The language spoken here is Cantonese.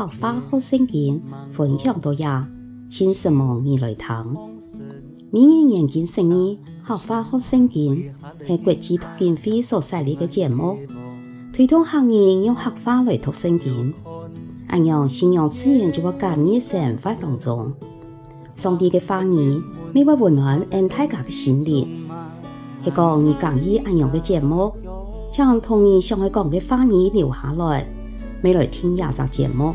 客話學聖經，分享到呀，請什麼你來聽。明年年根生意，客話學聖經，係國際讀經會所設立嘅節目，推動客人用客話來讀聖經。按樣信仰自然，就會融入生活當中，上帝嘅話語，每擺溫暖俺大家的心靈，係講你歡喜按樣個節目，將童年上海講嘅話語留下來，每來聽廿則節目。